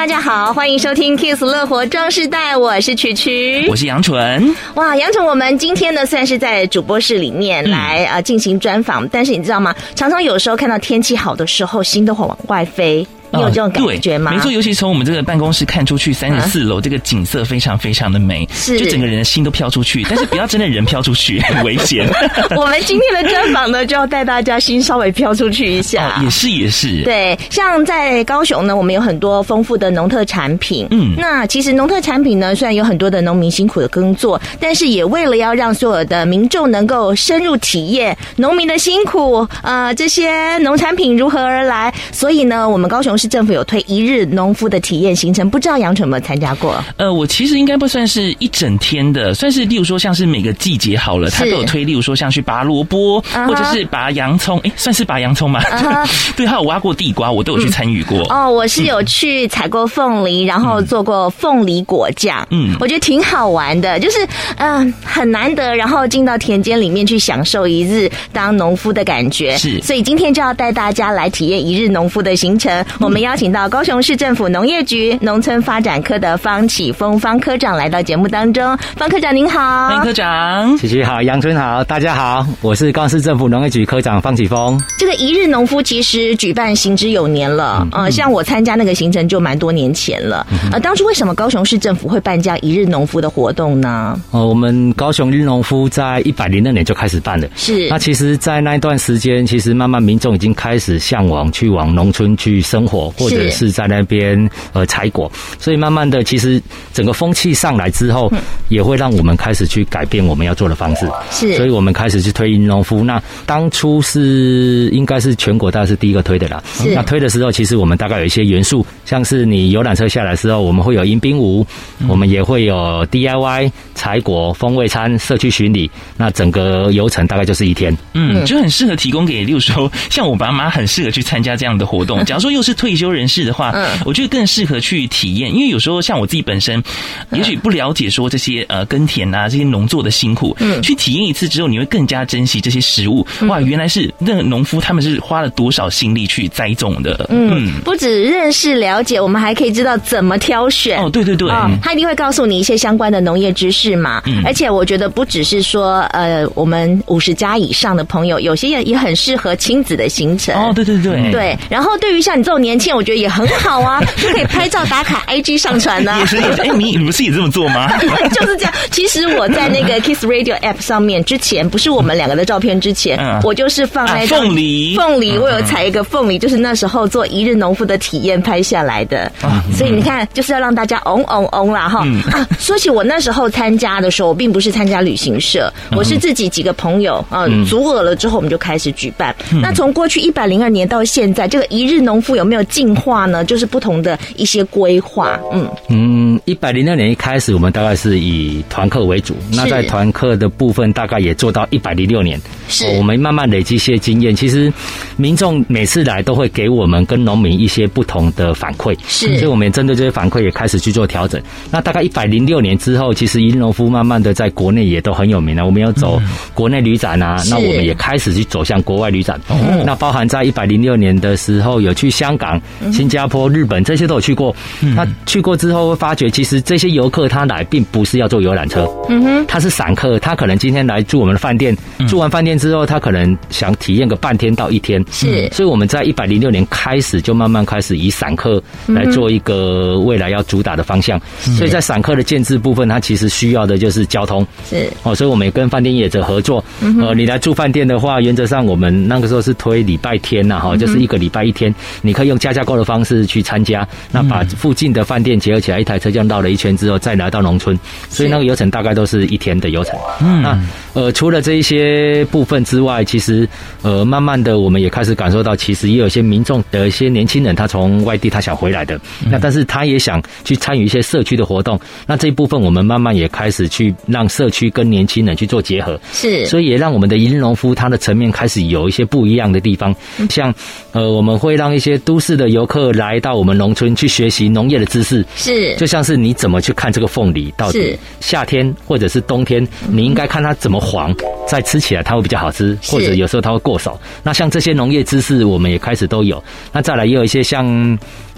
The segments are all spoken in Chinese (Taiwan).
大家好，歡迎收聽 Kiss 樂活壯世代，我是曲曲，我是楊純。哇，楊純，我們今天呢，算是在主播室裡面來呃、嗯啊、進行專訪，但是你知道嗎？常常有時候看到天氣好的時候，心都會往外飛。你有這種感覺嗎、哦？沒錯，尤其從我們這個辦公室看出去，三十四樓、啊、這個景色非常非常的美，是。就整個人的心都飄出去。 但是不要真的人飄出去，很危險。 我們今天的專訪呢，就要帶大家心稍微飄出去一下、哦。也是也是。對，像在高雄呢，我們有很多豐富的農特產品。嗯，那其實農特產品呢，雖然有很多的農民辛苦的耕作，但是也為了要讓所有的民眾能夠深入體驗農民的辛苦，啊、呃、這些農產品如何而來，所以呢，我們高雄。是政府有推一日農夫的體驗行程，不知道楊淳有沒有參加過？呃，我其實應該不算是一整天的，算是例如說像是每個季節好了，他都有推，例如說像去拔蘿蔔，uh -huh、或者是拔洋蔥，哎，算是拔洋蔥嗎、uh -huh、 對，他有挖過地瓜，我都有去參與過。嗯、哦，我是有去採過鳳梨、嗯，然後做過鳳梨果醬，嗯，我覺得挺好玩的，就是嗯、呃、很難得，然後進到田間裡面去享受一日當農夫的感覺。是，所以今天就要帶大家來體驗一日農夫的行程。嗯我們邀請到高雄市政府農業局農村發展科的方啟峰方科長來到節目當中。方科長您好，方科長，曲曲好，楊淳好，大家好，我是高雄市政府農業局科長方啟峰。這個一日農夫其實舉辦行之有年了嗯、呃，像我參加那個行程就蠻多年前了啊、呃。當初為什麼高雄市政府會辦這樣一日農夫的活動呢？呃，我們高雄一日農夫在一百零二年就開始辦了，是。那其實，在那一段時間，其實慢慢民眾已經開始向往去往農村去生活。或者是在那邊呃採果，所以慢慢的其實整個風氣上來之後、嗯，也會讓我們開始去改變我們要做的方式。是，所以我們開始去推一日農夫。那當初是應該是全國大概是第一個推的啦。嗯、那推的時候，其實我們大概有一些元素，像是你遊覽車下來之後，我們會有迎賓舞、嗯，我們也會有 DIY 採果、風味餐、社區巡禮。那整個流程大概就是一天。嗯，就很適合提供給，例如說像我爸媽很適合去參加這樣的活動。假如說又是推。退休人士的話、嗯，我覺得更適合去體驗，因為有時候像我自己本身，也許不了解，說這些呃耕田啊這些農作的辛苦，嗯，去體驗一次之後，你會更加珍惜這些食物。嗯、哇，原來是那個、農夫他們是花了多少心力去栽種的。嗯，嗯，不止認識了解，我們還可以知道怎麼挑選。哦，對對對，哦、他一定會告訴你一些相關的農業知識嘛。嗯、而且我覺得不只是說呃，我們五十家以上的朋友，有些也也很適合親子的行程。哦，對對對，對。嗯、然後對於像你這種年。我覺得也很好啊，就可以拍照打卡，IG 上傳呢、啊。哎、 欸，你你不是也這麼做嗎？ 就是這樣。其實我在那個 Kiss Radio App 上面之前，不是我們兩個的照片之前，嗯、我就是放在鳳、啊、梨。鳳梨，梨，我有採一個鳳梨，就是那時候做一日農夫的體驗拍下來的、嗯。所以你看，就是要讓大家嗡嗡嗡啦哈、嗯啊。說起我那時候參加的時候，我並不是參加旅行社，我是自己幾個朋友啊，嗯、組合了之後我們就開始舉辦。嗯、那從過去一百零二年到現在，這個一日農夫有沒有？進化呢，就是不同的一些規劃。嗯嗯，一百零六年一開始，我們大概是以團客為主，那在團客的部分，大概也做到一百零六年。是我們慢慢累積一些經驗，其實民眾每次來都會給我們跟農民一些不同的反饋，是，所以我們也針對這些反饋也開始去做調整。那大概一百零六年之後，其實一日農夫慢慢的在國內也都很有名了。我們要走國內旅展啊、嗯，那我們也開始去走向國外旅展。那包含在一百零六年的時候，有去香港、新加坡、日本這些都有去過、嗯。那去過之後會發覺，其實這些遊客他來並不是要坐遊覽車，嗯哼，他是散客，他可能今天來住我們的飯店、嗯，住完飯店。之後，他可能想體驗個半天到一天，是。所以我們在一百零六年開始就慢慢開始以散客來做一個未來要主打的方向。所以在散客的建制部分，他其實需要的就是交通。是。哦，所以我們也跟飯店業者合作。呃，你來住飯店的話，原則上我們那個時候是推禮拜天吶、啊、哈、哦，就是一個禮拜一天，你可以用加價購的方式去參加。那把附近的飯店結合起來，一台車就繞了一圈之後，再來到農村，所以那個遊程大概都是一天的遊程。嗯。那呃，除了這一些部分之外，其實，呃，慢慢的我們也開始感受到，其實也有一些民眾，有一些年輕人，他從外地他想回來的，嗯、那但是他也想去參與一些社區的活動。那這一部分我們慢慢也開始去讓社區跟年輕人去做結合，是，所以也讓我們的一日農夫他的層面開始有一些不一樣的地方，像，呃，我們會讓一些都市的遊客來到我們農村去學習農業的知識，是，就像是你怎麼去看這個鳳梨，到底是夏天或者是冬天，你應該看它怎麼。黃，再吃起來它會比較好吃，或者有時候它會過少。那像這些農業知識，我們也開始都有。那再來也有一些像。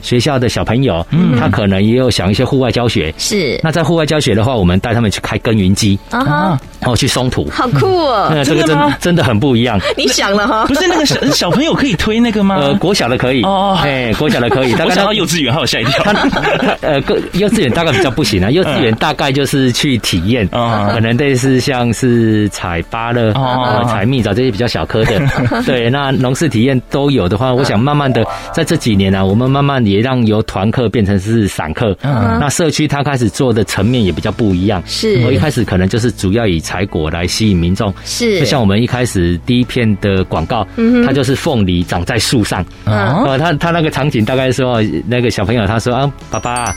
學校的小朋友、嗯，他可能也有想一些戶外教學。是，那在戶外教學的話，我們帶他們去開耕耘機，啊哈，然後去鬆土，uh -huh. uh, 好酷哦！Uh, 這個真真的，真的很不一樣。你想了哈？不是那個小 小朋友可以推那個嗎？呃，國小的可以哦，哎、uh -huh. 欸，國小的可以。但、uh -huh. 我想到幼稚園還有嚇一跳。 呃，幼稚園大概比較不行啊。幼稚園大概就是去體驗，uh -huh. 可能類似像是採芭樂、採、uh -huh. 蜜棗、uh -huh. 這些比較小顆的。Uh -huh. 對，那農事體驗都有的話，uh -huh. 我想慢慢的在這幾年呢、啊，我們慢慢的。也讓由團客變成是散客，哦、那社區它開始做的層面也比較不一樣。是，我一開始可能就是主要以採果來吸引民眾，是，就像我們一開始第一片的廣告、嗯，它就是鳳梨長在樹上，啊、哦，他他那個場景大概說那個小朋友他說，啊爸爸啊。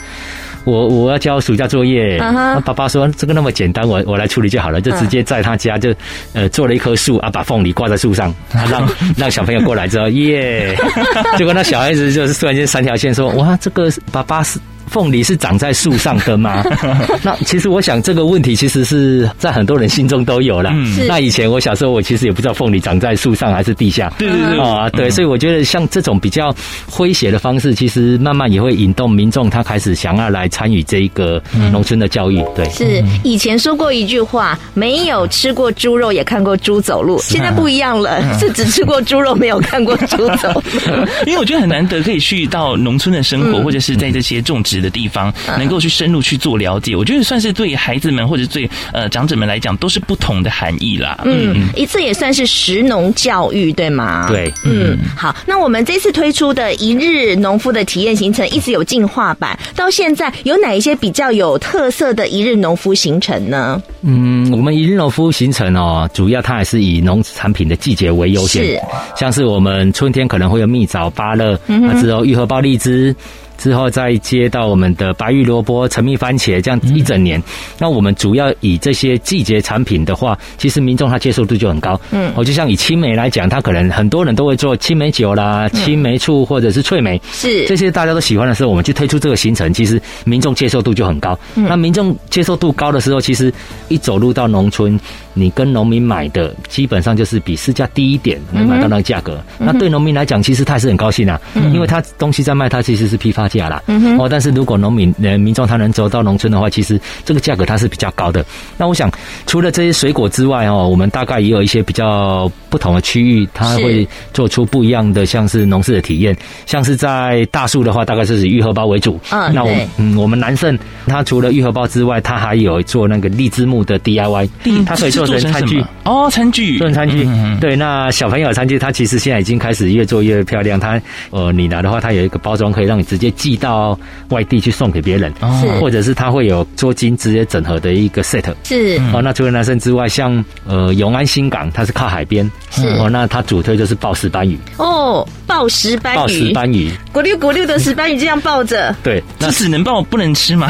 我我要交暑假作業，uh -huh. 啊、爸爸說這個那麼簡單，我我來處理就好了，就直接在他家就、uh -huh. 呃做了一棵樹啊，把鳳梨掛在樹上，啊、讓、uh -huh. 讓小朋友過來之後，耶 Yeah， 結果那小孩子就是突然間三條線說，uh -huh. 哇，這個爸爸是。鳳梨是長在樹上的嗎？ 那其實我想這個問題其實是在很多人心中都有啦、嗯。那以前我小時候我其實也不知道鳳梨長在樹上還是地下。對對對啊、嗯哦，對，所以我覺得像這種比較詼諧的方式，其實慢慢也會引動民眾他開始想要來參與這一個農村的教育。對，是以前說過一句話，沒有吃過豬肉也看過豬走路、啊。現在不一樣了，啊、是只吃過豬肉沒有看過豬走路。 因為我覺得很難得可以去到農村的生活、嗯，或者是在這些種植。的地方能夠去深入去做了解，我覺得算是對孩子們或者對呃長者們來講都是不同的含義啦。嗯，嗯一次也算是食農教育對嗎？對嗯，嗯，好。那我們這次推出的一日農夫的體驗行程一直有進化版，到現在有哪一些比較有特色的一日農夫行程呢？嗯，我們一日農夫行程哦，主要它還是以農產品的季節為優先是，像是我們春天可能會有蜜棗、芭樂、嗯啊，之後玉荷包荔枝。之後再接到我們的白玉蘿蔔、陳皮番茄，這樣一整年、嗯。那我們主要以這些季節產品的話，其實民眾他接受度就很高。嗯，我就像以青梅來講，他可能很多人都會做青梅酒啦、嗯、青梅醋或者是脆梅。是這些大家都喜歡的時候，我們去推出這個行程，其實民眾接受度就很高。嗯、那民眾接受度高的時候，其實一走入到農村，你跟農民買的基本上就是比市價低一點，能買到那個價格、嗯。那對農民來講，其實他還是很高興啊、嗯，因為他東西在賣，他其實是批發。價了，嗯哼，哦，但是如果農民、呃、民眾他能走到農村的話，其實這個價格它是比較高的。那我想，除了這些水果之外，哦，我們大概也有一些比較不同的區域，他會做出不一樣的，像是農事的體驗，像是在大樹的話，大概是以玉荷包為主。啊、嗯，那我，嗯，我們南盛，它除了玉荷包之外，它還有做那個荔枝木的 DIY，它可以做成餐具，成成餐具哦，餐具，做成餐具，對，那小朋友的餐具，它其實現在已經開始越做越漂亮。它，呃，你拿的話，它有一個包裝可以讓你直接。寄到外地去送給別人，是、哦、或者是他會有捉金直接整合的一個 set，是、嗯、哦。那除了男生之外，像呃永安新港，它是靠海邊，是哦。嗯、那它主推就是抱石斑魚哦，抱石斑魚，抱、哦、石斑魚，咕溜咕溜的石斑魚這樣抱着，對，那，這只能抱不能吃嗎？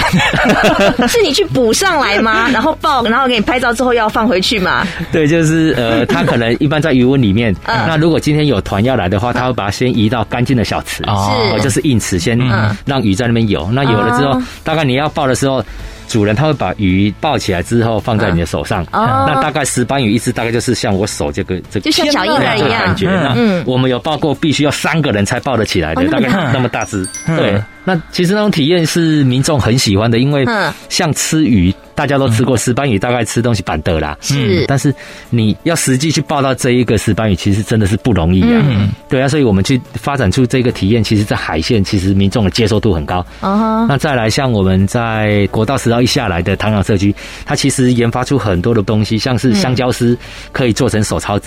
是你去捕上來嗎？然後抱，然後給你拍照之後要放回去嗎？對，就是呃，他可能一般在魚塭裡面、嗯嗯。那如果今天有團要來的話，他會把它先移到乾淨的小池，哦、嗯，是就是硬池先。嗯嗯、讓魚在那邊遊，那遊了之後、哦啊，大概你要抱的時候，主人他會把魚抱起來之後放在你的手上。哦嗯、那大概石斑魚一隻，大概就是像我手這個這個就像小嬰兒一樣、這個、感覺。嗯那我們有抱過，必須要三個人才抱得起來的，嗯、大概那麼大隻、嗯，對。嗯那其實那種體驗是民眾很喜歡的，因為像吃魚，大家都吃過、嗯、石斑魚，大概吃東星斑的啦。是，但是你要實際去捕到這一個石斑魚，其實真的是不容易啊、嗯。對啊，所以我們去發展出這個體驗，其實，在海線其實民眾的接受度很高。啊、嗯、哈，那再來像我們在國道十號一下來的唐港社區，它其實研發出很多的東西，像是香蕉絲可以做成手抄紙。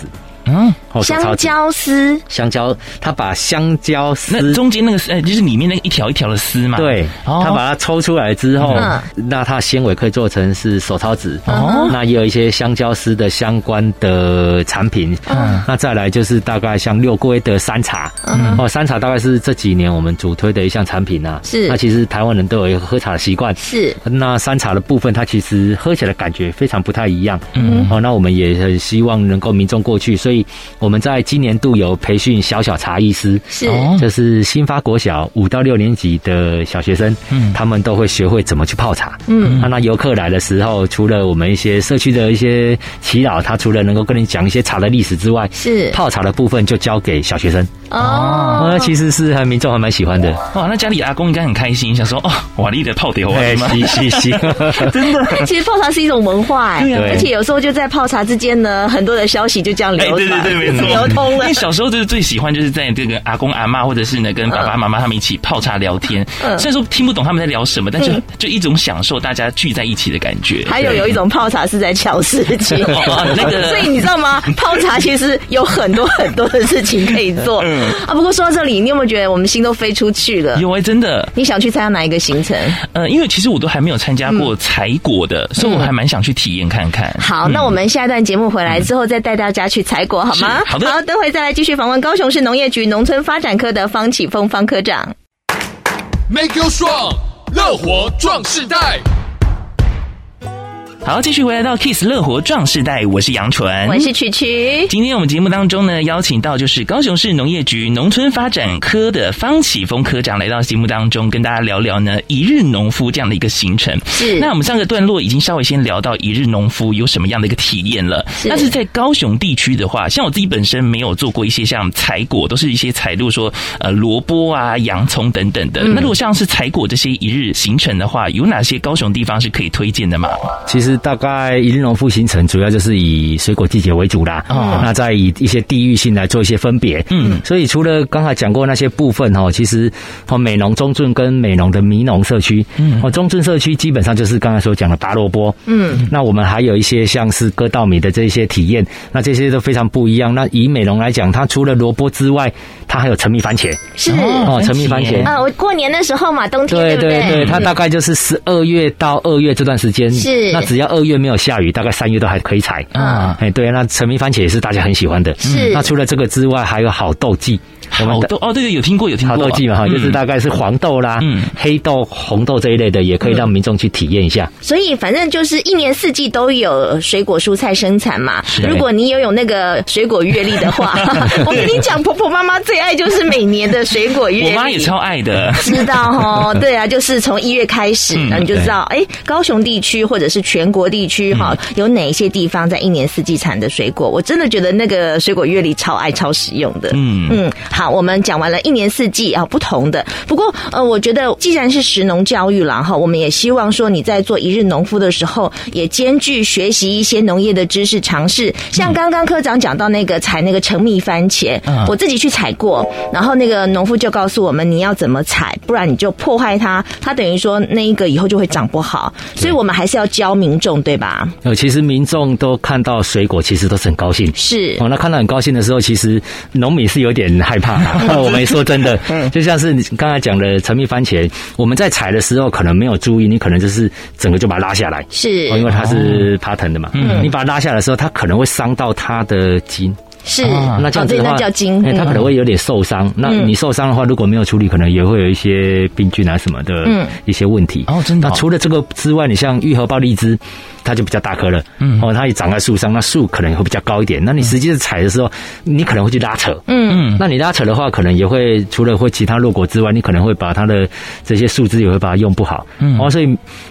嗯、哦，香蕉絲，香蕉，他把香蕉絲中間那個絲，就是裡面那一條一條的絲嘛，對，他把它抽出來之後，哦、那它纖維可以做成是手抄紙哦，那也有一些香蕉絲的相關的產品，嗯、哦，那再來就是大概像六龜的山茶，嗯，哦，山茶大概是這幾年我們主推的一項產品吶、啊，是，那其實台灣人都有一個喝茶的習慣，是，那山茶的部分，它其實喝起來的感覺非常不太一樣，嗯，哦，那我們也很希望能夠民眾過去，所以。我們在今年度有培訓小小茶藝師，是，就是新發國小五到六年級的小學生，嗯，他們都會學會怎麼去泡茶，嗯、啊、那那遊客來的時候，除了我們一些社區的一些耆老，他除了能夠跟你講一些茶的歷史之外，是，泡茶的部分就交給小學生，哦，那其實是民眾還民做還蠻喜歡的，哦，那家裡阿公應該很開心，想說哦，瓦力的泡的，哎，嘻嘻嘻， 真的， 其實泡茶是一種文化，哎、啊，對，而且有時候就在泡茶之間呢，很多的消息就這樣流。欸對對沒錯 通，因為小時候就是最喜歡就是在這個阿公阿嬤或者是呢跟爸爸媽媽他們一起泡茶聊天，嗯，雖然說聽不懂他們在聊什麼，但是就、嗯、就一種享受大家聚在一起的感覺。還有有一種泡茶是在搶時間，那個。 所以你知道嗎？泡茶其實有很多很多的事情可以做嗯。啊。不過說到這裡，你有沒有覺得我們心都飛出去了？有啊、欸，真的。你想去參加哪一個行程嗯？嗯，因為其實我都還沒有參加過採果的、嗯，所以我還蠻想去體驗看看。嗯、好、嗯，那我們下一段節目回來之後再帶大家去採果。好嗎？好的。好，等會再來繼續訪問高雄市農業局農村發展科的方啟峰方科長。Make you strong，樂活壯世代。好，繼續回來到 Kiss 樂活壯世代，我是楊純，我是曲曲。今天我們節目當中呢，邀請到就是高雄市農業局農村發展科的方啟峰科長來到節目當中，跟大家聊聊呢，一日農夫這樣的一個行程。是，那我們上個段落已經稍微先聊到一日農夫有什麼樣的一個體驗了。是。但是在高雄地區的話，像我自己本身沒有做過一些像採果，都是一些採，例如說呃蘿蔔啊、洋蔥等等的。嗯。那如果像是採果這些一日行程的話，有哪些高雄地方是可以推薦的嗎？其實。是大概一日農夫行程，主要就是以水果季節為主啦、哦，那再以一些地域性來做一些分別。嗯，所以除了剛才講過那些部分哦，其實哦美濃中鎮跟美濃的迷農社區，哦、嗯、中鎮社區基本上就是剛才所講的拔蘿蔔。嗯，那我們還有一些像是割稻米的這些體驗，那這些都非常不一樣。那以美濃來講，它除了蘿蔔之外，它還有橙蜜番茄。是哦，橙蜜番茄。啊，我過年的時候嘛，冬天對對對、嗯，它大概就是十二月到二月這段時間。是，那只。只要二月沒有下雨，大概三月都還可以採啊。哎，對啊，那橙蜜番茄也是大家很喜歡的。是。那除了這個之外，還有好豆季，豆我們豆哦，對對，有聽過有聽過、啊、好豆季嘛哈、嗯，就是大概是黃豆啦、嗯、黑豆、紅豆這一類的，也可以讓民眾去體驗一下、嗯。所以反正就是一年四季都有水果蔬菜生產嘛。如果你也有那個水果月曆的話， 我跟你講，婆婆媽媽最愛就是每年的水果月曆。我媽也超愛的， 知道哈？對啊，就是從一月開始，那、嗯、你就知道，哎、欸，高雄地區或者是全。全國地區哈、嗯，有哪些地方在一年四季產的水果？我真的覺得那個水果月曆超愛超實用的。嗯嗯，好，我們講完了一年四季啊，不同的。不過呃，我覺得既然是食農教育了哈，我們也希望說你在做一日農夫的時候，也兼具學習一些農業的知識、常識，像剛剛科長講到那個採那個橙蜜番茄、嗯，我自己去採過，然後那個農夫就告訴我們你要怎麼採，不然你就破壞它，它等於說那一個以後就會長不好。所以我們還是要教明眾對吧？呃，其實民眾都看到水果，其實都是很高興。是，哦，那看到很高興的時候，其實農民是有點害怕。 啊、我沒說真的， 嗯。就像是你剛才講的，橙蜜番茄，我們在採的時候可能沒有注意，你可能就是整個就把它拉下來。是，哦、因為它是爬藤的嘛、哦，嗯。你把它拉下來的時候，它可能會傷到它的筋。是，哦、那那叫金。嗯、它可能會有點受傷、嗯。那你受傷的話，如果沒有處理，可能也會有一些病菌啊什麼的一些問題。嗯、哦，真的。那除了這個之外，你像玉荷包荔枝，它就比較大顆了。嗯，哦，它也長在樹上，那樹可能會比較高一點。那你實際採的，的時候、嗯，你可能會去拉扯。嗯嗯。那你拉扯的話，可能也會除了會其他落果之外，你可能會把它的這些樹枝也會把它用不好。嗯、哦，所以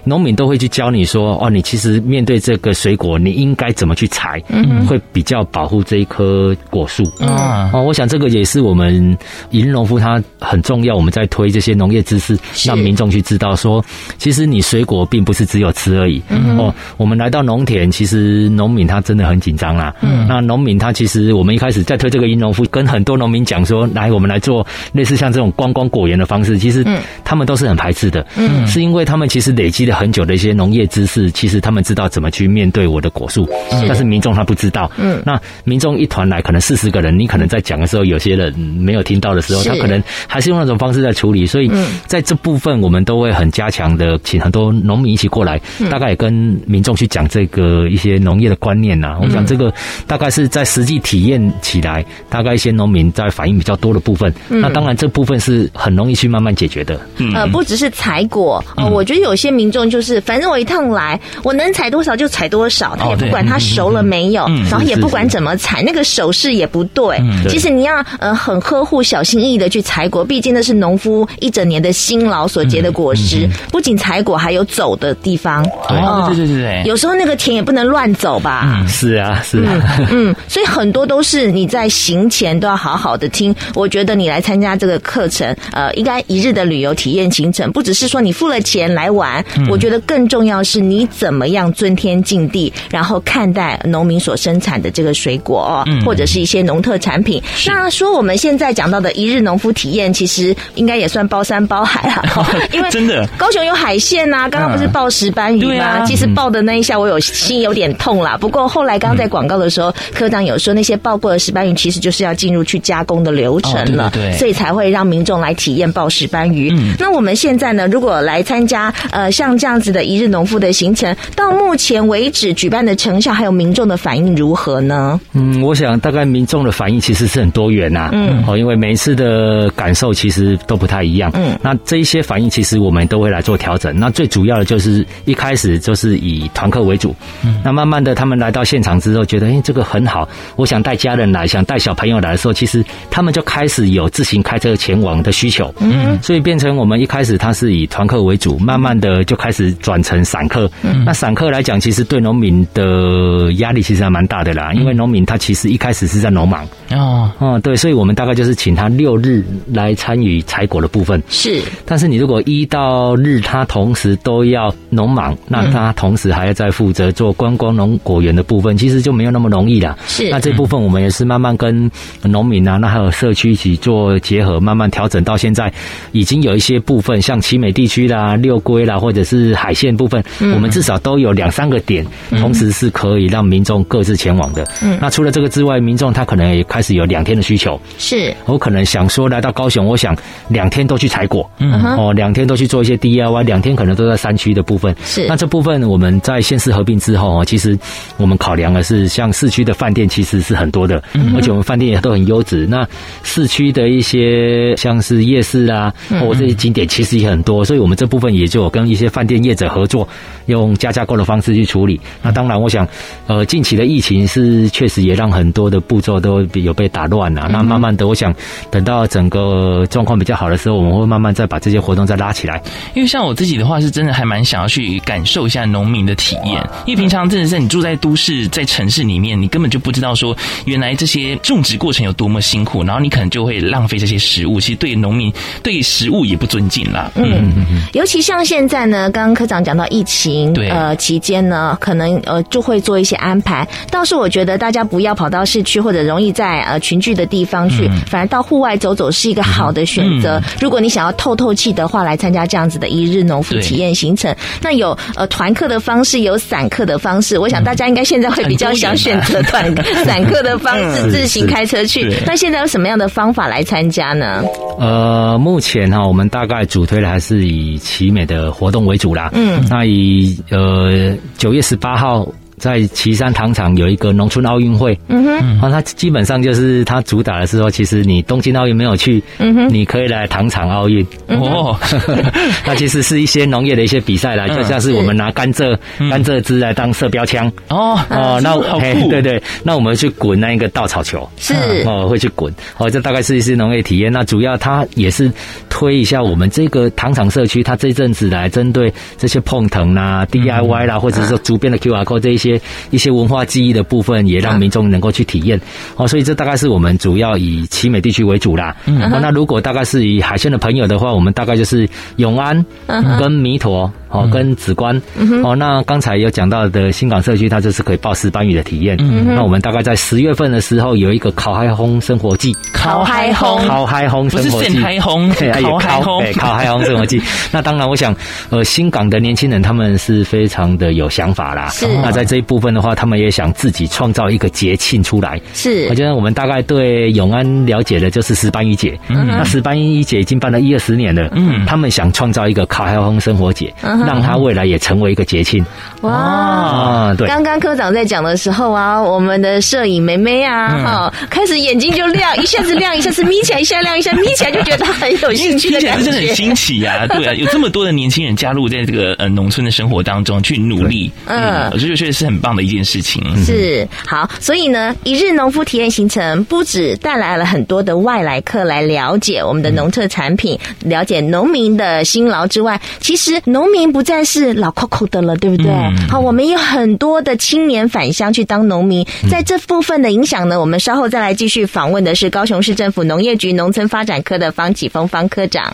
農民都會去教你說，哦，你其實面對這個水果，你應該怎麼去採、嗯，會比較保護這一顆。棵果樹，哦、uh, oh，我想這個也是我們一日農夫他很重要。我們在推這些農業知識，讓民眾去知道說，其實你水果並不是只有吃而已。哦、uh -huh，oh, 我們來到農田，其實農民他真的很緊張啦。Uh -huh. 那農民他其實我們一開始在推這個一日農夫，跟很多農民講說，來我們來做類似像這種觀光果園的方式，其實他們都是很排斥的。嗯、uh -huh，是因為他們其實累積了很久的一些農業知識，其實他們知道怎麼去面對我的果樹，uh -huh. 但是民眾他不知道。嗯、uh -huh，那民眾一團。來，可能四十個人，你可能在講的時候，有些人沒有聽到的時候，他可能還是用那種方式在處理，所以在這部分我們都會很加強的，請很多農民一起過來，嗯、大概也跟民眾去講這個一些農業的觀念吶、啊。我講這個大概是在實際體驗起來，大概一些農民在反應比較多的部分、嗯。那當然這部分是很容易去慢慢解決的。嗯、呃，不只是採果，呃、嗯哦，我覺得有些民眾就是，反正我一趟來，我能採多少就採多少，他也不管他熟了沒有，哦嗯、然後也不管怎麼採、嗯嗯、那個。手勢也不對，其實你要呃很呵護、小心翼翼的去採果，畢竟那是農夫一整年的辛勞所結的果實。不僅採果，還有走的地方，嗯、哦，對對對，對，有時候那個田也不能亂走吧？嗯、是啊，是啊嗯。嗯，所以很多都是你在行前都要好好的聽。我覺得你來參加這個課程，呃，應該一日的旅遊體驗行程，不只是說你付了錢來玩，嗯，我覺得更重要是你怎麼樣尊天敬地，然後看待農民所生產的這個水果。哦、嗯。或者是一些農特產品。那說我們現在講到的一日農夫體驗，其實應該也算包山包海啊，因為真的高雄有海鮮吶、啊。剛剛不是抱石斑魚嗎？嗯、其實抱的那一下，我有心有點痛啦。不過後來剛剛在廣告的時候、嗯，科長有說那些抱過的石斑魚，其實就是要進入去加工的流程了，哦、對、對、對。所以才會讓民眾來體驗抱石斑魚、嗯。那我們現在呢，如果來參加呃像這樣子的一日農夫的行程，到目前為止舉辦的成效還有民眾的反應如何呢？嗯，我想。大概民眾的反應其實是很多元啊，嗯，哦，因為每一次的感受其實都不太一樣，嗯，那這一些反應其實我們都會來做調整。那最主要的就是一開始就是以團客為主，嗯，那慢慢的他們來到現場之後，覺得哎、欸，這個很好，我想帶家人來，想帶小朋友來的時候，其實他們就開始有自行開車前往的需求，嗯，所以變成我們一開始他是以團客為主，慢慢的就開始轉成散客，嗯。那散客來講，其實對農民的壓力其實還蠻大的啦，嗯，因為農民他其實一開始開始是在農忙哦，哦、oh. 嗯，對，所以我們大概就是請他六日來參與採果的部分是，但是你如果一到日他同時都要農忙，那他同時還要再負責做觀光農果園的部分，其實就沒有那麼容易了。是，那這部分我們也是慢慢跟農民啊，那還有社區一起做結合，慢慢調整到現在，已經有一些部分像旗美地區啦、六龜啦，或者是海線部分，嗯、我們至少都有兩三個點，同時是可以讓民眾各自前往的。嗯，那除了這個之外，民眾他可能也開始有兩天的需求，是我可能想說，來到高雄，我想兩天都去採果，嗯，哦，兩天都去做一些 DIY，兩天可能都在山區的部分。是那這部分我們在縣市合併之後其實我們考量的是，像市區的飯店其實是很多的，嗯、而且我們飯店也都很優質。那市區的一些像是夜市啊，或、哦、這些景點其實也很多，所以我們這部分也就有跟一些飯店業者合作，用加價購的方式去處理。那當然，我想，呃，近期的疫情是確實也讓很多。的步驟都有被打亂了，啊，那慢慢的，我想等到整個狀況比較好的時候，我們會慢慢再把這些活動再拉起來。因為像我自己的話，是真的還蠻想要去感受一下農民的體驗。因為平常真的是你住在都市，在城市裡面，你根本就不知道說原來這些種植過程有多麼辛苦，然後你可能就會浪費這些食物，其實對農民對食物也不尊敬了。嗯，尤其像現在呢，剛剛科長講到疫情，對，呃，期間呢，可能呃就會做一些安排。倒是我覺得大家不要跑到。市區或者容易在呃群聚的地方去，嗯，反而到戶外走走是一個好的選擇，嗯嗯。如果你想要透透氣的話，來參加這樣子的一日農夫體驗行程，那有呃團客的方式，有散客的方式。嗯、我想大家應該現在會比較想選擇團 散客的方式，嗯，自行開車去。那現在有什麼樣的方法來參加呢？呃，目前哈，哦，我們大概主推的還是以奇美的活動為主啦。嗯，那以呃九月十八號在旗山糖廠有一個農村奧運會，嗯哼。那、啊、它基本上就是它主打的是說，其實你東京奧運沒有去，嗯哼。你可以來糖廠奧運哦。嗯、 那其實是一些農業的一些比賽來、嗯，就像是我們拿甘蔗、嗯、甘蔗汁來當射標槍哦，哦，那我們對對，那我們去滾那一個稻草球是哦、啊，會去滾哦，這、啊、大概是一些農業體驗。那主要它也是。推一下我們這個糖廠社區，他這陣子來針對這些碰藤啦、DIY 啦，嗯、或者是說周邊的 QR Code 這一些一些文化記憶的部分，也讓民眾能夠去體驗哦。所以這大概是我們主要以旗美地區為主啦。嗯、啊，那如果大概是以海線的朋友的話，我們大概就是永安跟彌陀。嗯哦，跟紫關、嗯、哦，那剛才有講到的新港社區，它就是可以抱石斑魚的體驗、嗯。那我們大概在十月份的時候有一個烤海紅生活季。烤海紅，烤海紅，不是蒸海紅，可以烤海紅，烤海紅生活季。 那當然，我想呃，新港的年輕人他們是非常的有想法啦。是。那在這一部分的話，他們也想自己創造一個節慶出來。是。我覺得我們大概對永安了解的就是石斑魚節。嗯。那石斑魚節已經辦了一二十年了。嗯。他們想創造一個烤海紅生活節。嗯。讓他未來也成為一個節慶哇、哦！對，剛剛科長在講的時候啊，我們的攝影妹妹啊，哈、嗯，開始眼睛就亮，一下子亮， 一下子眯起來，一下亮，一下眯起來就覺得很有興趣感覺，聽起來真的很新奇呀、啊！對啊，有這麼多的年輕人加入在這個呃農村的生活當中去努力，嗯，嗯我覺得確實是很棒的一件事情。嗯、是好，所以呢，一日農夫體驗行程不止帶來了很多的外來客來了解我們的農特產品，嗯、了解農民的辛勞之外，其實農民。不再是老扣扣的了，對不對？嗯，好，我們有很多的青年返鄉去當農民，在這部分的影響呢，我們稍後再來繼續訪問的是高雄市政府農業局農村發展科的方啟峰方科長。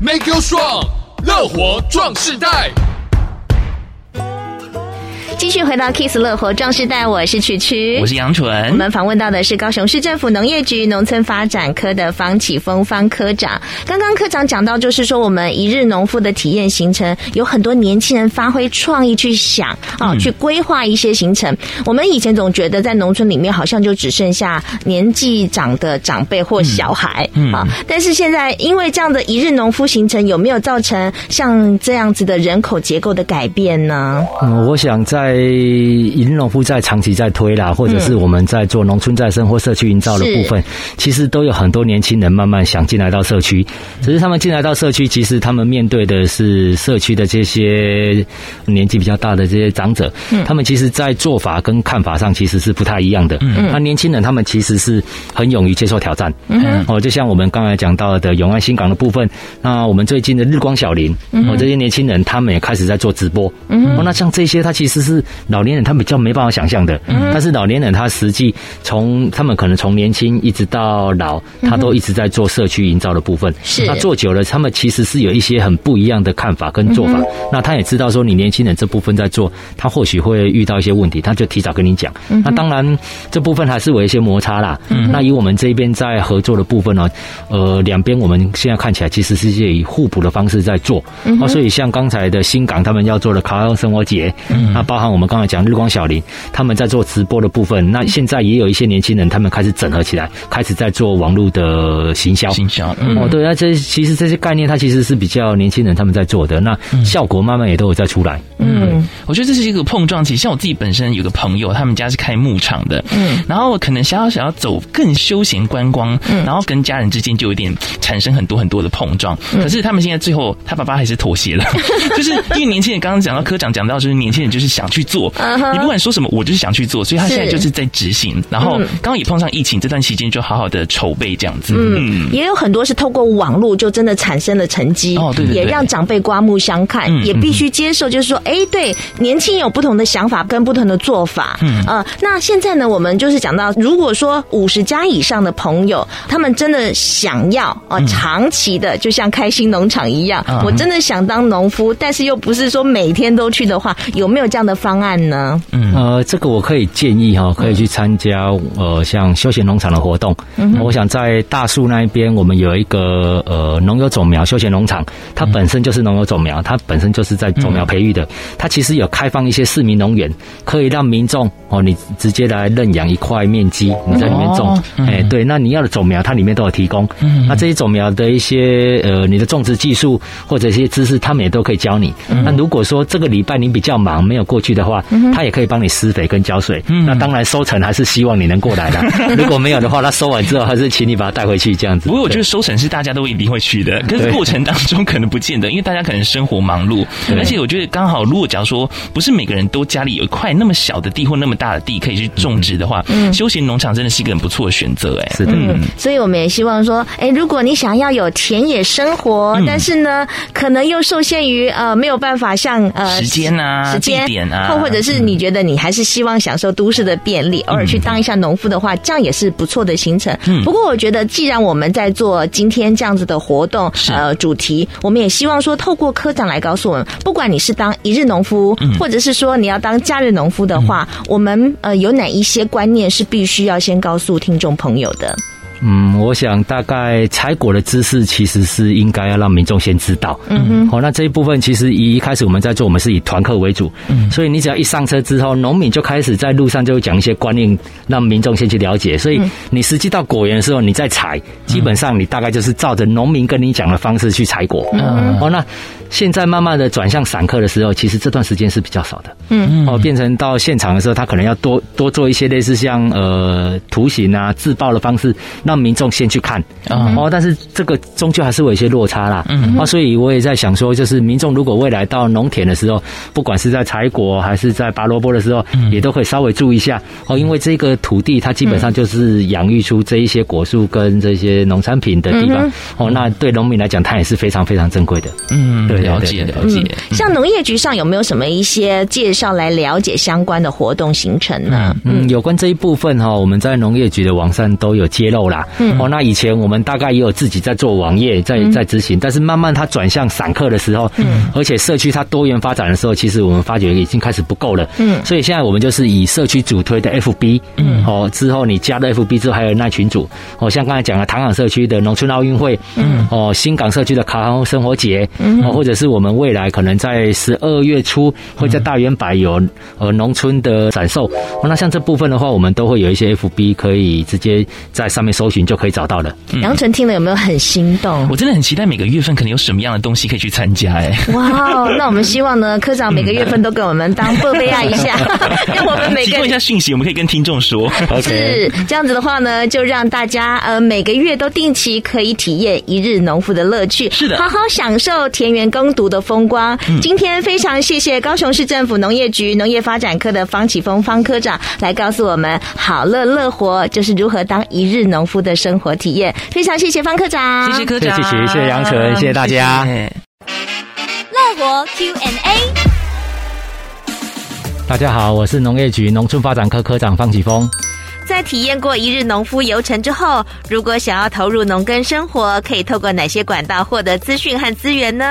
Make you strong，樂活壯世代。繼續回到 Kiss 樂活壯世代，我是曲曲，我是楊純。我們訪問到的是高雄市政府農業局農村發展科的方啟峰方科長。剛剛科長講到，就是說我們一日農夫的體驗行程，有很多年輕人發揮創意去想啊、嗯，去規劃一些行程。我們以前總覺得在農村裡面好像就只剩下年紀長的長輩或小孩啊、嗯嗯，但是現在因為這樣的一日農夫行程，有沒有造成像這樣子的人口結構的改變呢？嗯，我想在誒，一日農夫在長期在推啦，或者是我們在做農村再生或社區營造的部分，其實都有很多年輕人慢慢想進來到社區。只是他們進來到社區，其實他們面對的是社區的這些年紀比較大的這些長者，嗯、他們其實在做法跟看法上其實是不太一樣的。嗯、那年輕人他們其實是很勇於接受挑戰，哦、嗯，就像我們剛才講到的永安新港的部分，那我們最近的日光小林，哦、嗯，這些年輕人他們也開始在做直播。嗯、哦，那像這些，他其實是。是老年人，他們比較沒辦法想象的、嗯。但是老年人，他實際從他們可能從年輕一直到老，他都一直在做社區營造的部分。是、嗯，那做久了，他們其實是有一些很不一樣的看法跟做法。嗯、那他也知道說，你年輕人這部分在做，他或許會遇到一些問題，他就提早跟你講、嗯。那當然，這部分還是有一些摩擦啦。嗯、那以我們這邊在合作的部分呢，呃，兩邊我們現在看起來其實是以互補的方式在做。啊、嗯哦，所以像剛才的新港他們要做的卡友生活節、嗯，那包。那我們剛才講日光小林，他們在做直播的部分。那現在也有一些年輕人，他們開始整合起來，開始在做網絡的行銷。行銷、嗯、哦，對，那這其實這些概念，它其實是比較年輕人他們在做的。那效果慢慢也都有在出來。嗯，嗯我覺得這是一個碰撞期。其實像我自己本身有個朋友，他們家是開牧場的。嗯，然後可能想要想要走更休閒觀光、嗯，然後跟家人之間就有點產生很多很多的碰撞、嗯。可是他們現在最後，他爸爸還是妥協了、嗯，就是因為年輕人剛剛講到科長講到，就是年輕人就是想。去做、uh -huh，你不管說什麼，我就是想去做，所以他現在就是在執行。然後剛剛也碰上疫情，這段期間就好好的籌備這樣子嗯。嗯，也有很多是透過網絡就真的產生了成績、哦、也讓長輩刮目相看，嗯、也必須接受，就是說，哎、欸，對，年輕有不同的想法跟不同的做法。嗯，呃、那現在呢，我們就是講到，如果說五十歲以上的朋友，他們真的想要啊、呃，長期的，就像開心農場一樣、嗯，我真的想當農夫，但是又不是說每天都去的話，有沒有這樣的？方案呢？呃，這個我可以建議哈，可以去參加呃，像休閒農場的活動。嗯、我想在大樹那一邊，我們有一個呃，農友種苗休閒農場，它本身就是農友種苗，它本身就是在種苗培育的。嗯、它其實有開放一些市民農園，可以讓民眾哦、呃，你直接來認養一塊面積，你在裡面種。哎、哦欸，對，那你要的種苗，它裡面都有提供。嗯、那這些種苗的一些呃，你的種植技術或者一些知識，他們也都可以教你。嗯、那如果說這個禮拜你比較忙，沒有過去的話，他也可以幫你施肥跟澆水，嗯。那當然收成還是希望你能過來的。嗯、如果沒有的話，那收完之後還是請你把它帶回去這樣子。 樣子，不過我覺得收成是大家都一定會去的，可是過程當中可能不見得，因為大家可能生活忙碌。而且我覺得剛好，如果假如說不是每個人都家裡有一塊那麼小的地或那麼大的地可以去種植的話，嗯、休閒農場真的是一個很不錯的選擇。哎，是的，嗯。所以我們也希望說，哎、欸，如果你想要有田野生活，嗯、但是呢，可能又受限於呃沒有辦法像呃時間啊時間點啊。或者是你覺得你還是希望享受都市的便利，偶爾去當一下農夫的話，這樣也是不錯的行程。不過，我覺得既然我們在做今天這樣子的活動，呃，主題，我們也希望說，透過科長來告訴我們，不管你是當一日農夫，或者是說你要當假日農夫的話，嗯、我們呃，有哪一些觀念是必須要先告訴聽眾朋友的？嗯，我想大概採果的知識其實是應該要讓民眾先知道。嗯，好、哦，那這一部分其實一開始我們在做，我們是以團客為主。嗯，所以你只要一上車之後，農民就開始在路上就會講一些觀念，讓民眾先去了解。所以你實際到果園的時候，你在採，基本上你大概就是照着農民跟你講的方式去採果。嗯，好、嗯哦，那。現在慢慢的轉向散客的時候，其實這段時間是比較少的。嗯，哦，變成到現場的時候，他可能要多多做一些類似像呃圖形啊、自爆的方式，讓民眾先去看、嗯。哦，但是這個終究還是會有一些落差啦。嗯,嗯，啊，所以我也在想說，就是民眾如果未來到農田的時候，不管是在採果還是在拔蘿蔔的時候、嗯，也都可以稍微注意一下。哦，因為這個土地它基本上就是養育出這一些果樹跟這些農產品的地方。嗯嗯哦，那對農民來講，它也是非常非常珍貴的。嗯,嗯。嗯了解了解，了解嗯，像農業局上有沒有什麼一些介紹來了解相關的活動行程呢？嗯，有關這一部分哈，我們在農業局的網站都有揭露啦。嗯，哦，那以前我們大概也有自己在做網頁，在，嗯，在執行，但是慢慢它轉向散客的時候，嗯，而且社區它多元發展的時候，其實我們發覺已經開始不夠了。嗯，所以現在我們就是以社區主推的 FB，嗯，哦，之後你加了 FB 之後，還有那群組，哦，像剛才講了唐港社區的農村奧運會，嗯，哦，新港社區的卡航生活節，嗯，或。或者是我們未來可能在十二月初會在大園擺有、嗯、呃農村的展售，那像這部分的話，我們都會有一些 FB 可以直接在上面搜尋，就可以找到了。楊、嗯、淳聽了有沒有很心動？我真的很期待每個月份可能有什麼樣的東西可以去參加哎、欸。哇，那我們希望呢科長每個月份都給我們當貝貝亞一下，嗯、 讓我們每個提供一下訊息，我們可以跟聽眾說。Okay、是這樣子的話呢，就讓大家呃每個月都定期可以體驗一日農夫的樂趣，是的，好好享受田園耕讀的風光，今天非常謝謝高雄市政府農業局農業發展科的方啟峰方科長來告訴我們，好樂樂活就是如何當一日農夫的生活體驗。非常謝謝方科長，謝謝科長，謝謝楊淳，謝謝大家。樂活 Q&A。大家好，我是農業局農村發展科科長方啟峰。在體驗過一日農夫遊程之後，如果想要投入農耕生活，可以透過哪些管道獲得資訊和資源呢？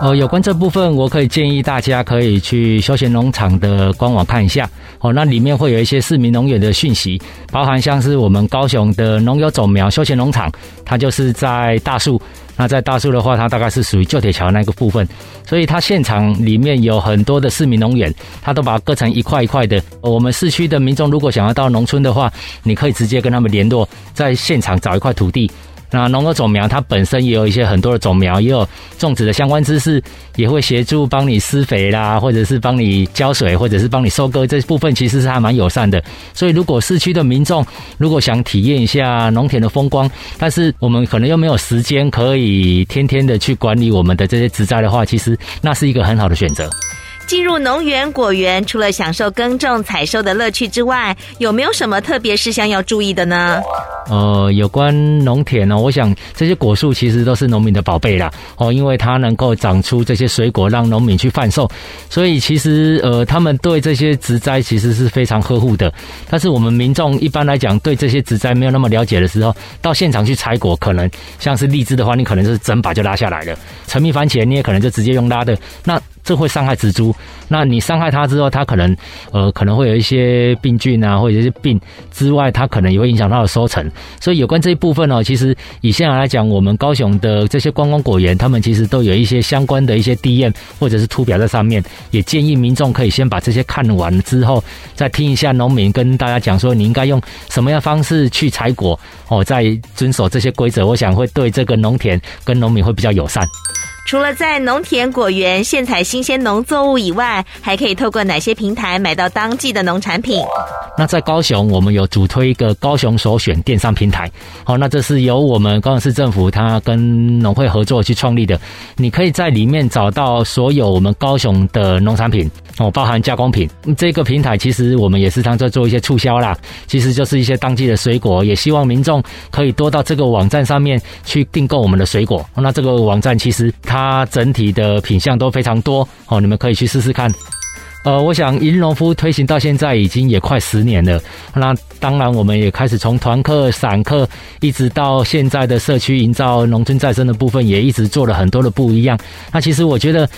哦、呃，有關這部分，我可以建議大家可以去休閒農場的官網看一下。哦，那裡面會有一些市民農園的訊息，包含像是我們高雄的農友種苗休閒農場，它就是在大樹，那在大樹的話，它大概是屬於舊鐵橋那個部分，所以它現場裡面有很多的市民農園，它都把它割成一塊一塊的。我們市區的民眾如果想要到農村的話，你可以直接跟他們聯絡，在現場找一塊土地。那農作種苗，它本身也有一些很多的種苗，也有種植的相關知識，也會協助幫你施肥啦，或者是幫你澆水，或者是幫你收割，這部分其實是還蠻友善的。所以，如果市區的民眾如果想體驗一下農田的風光，但是我們可能又沒有時間可以天天的去管理我們的這些植栽的話，其實那是一個很好的選擇。進入農園果園，除了享受耕種採收的樂趣之外，有沒有什麼特別事項要注意的呢？呃，有關農田呢，哦，我想這些果樹其實都是農民的寶貝啦。哦，因為它能夠長出這些水果，讓農民去販售，所以其實呃，他們對這些植栽其實是非常呵護的。但是我們民眾一般來講對這些植栽沒有那麼了解的時候，到現場去採果，可能像是荔枝的話，你可能就是整把就拉下來了；橙蜜番茄你也可能就直接用拉的。那這會傷害植株，那你傷害它之後，它可能呃可能會有一些病菌啊，或者是病之外，它可能也會影響它的收成。所以有關這一部分呢、哦，其實以現在來講，我們高雄的這些觀光果園，他們其實都有一些相關的一些 DM 或者是圖表在上面，也建議民眾可以先把這些看完之後，再聽一下農民跟大家講說，你應該用什麼樣的方式去採果哦，再遵守這些規則，我想會對這個農田跟農民會比較友善。除了在農田果園現採新鮮農作物以外，還可以透過哪些平台買到當季的農產品？那在高雄，我們有主推一個高雄首選電商平台，好、哦，那這是由我們高雄市政府它跟農會合作去創立的。你可以在裡面找到所有我們高雄的農產品哦，包含加工品、嗯。這個平台其實我們也是常在做一些促銷啦，其實就是一些當季的水果，也希望民眾可以多到這個網站上面去訂購我們的水果、哦。那這個網站其實它。它整體的品項都非常多哦，你們可以去試試看。呃，我想一日農夫推行到現在已經也快十年了，那。當然，我們也開始從團客、散客，一直到現在的社區營造、農村再生的部分，也一直做了很多的不一樣。那其實我覺得，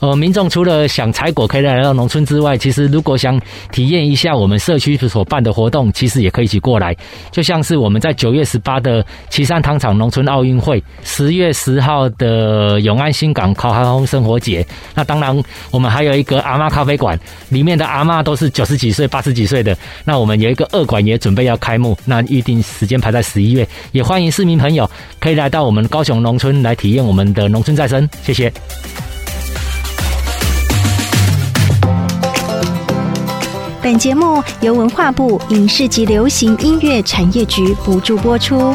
呃，民眾除了想採果可以來到農村之外，其實如果想體驗一下我們社區所辦的活動，其實也可以一起過來。就像是我們在九月十八的旗山糖廠農村奧運會，十月十號的永安新港烤航空生活節。那當然，我們還有一個阿媽咖啡館，裡面的阿媽都是九十幾歲、八十幾歲的。那我們有一個二館。也準備要開幕，那預定時間排在十一月，也歡迎市民朋友可以來到我們高雄農村來體驗我們的農村再生。謝謝。本節目由文化部影視及流行音樂產業局補助播出。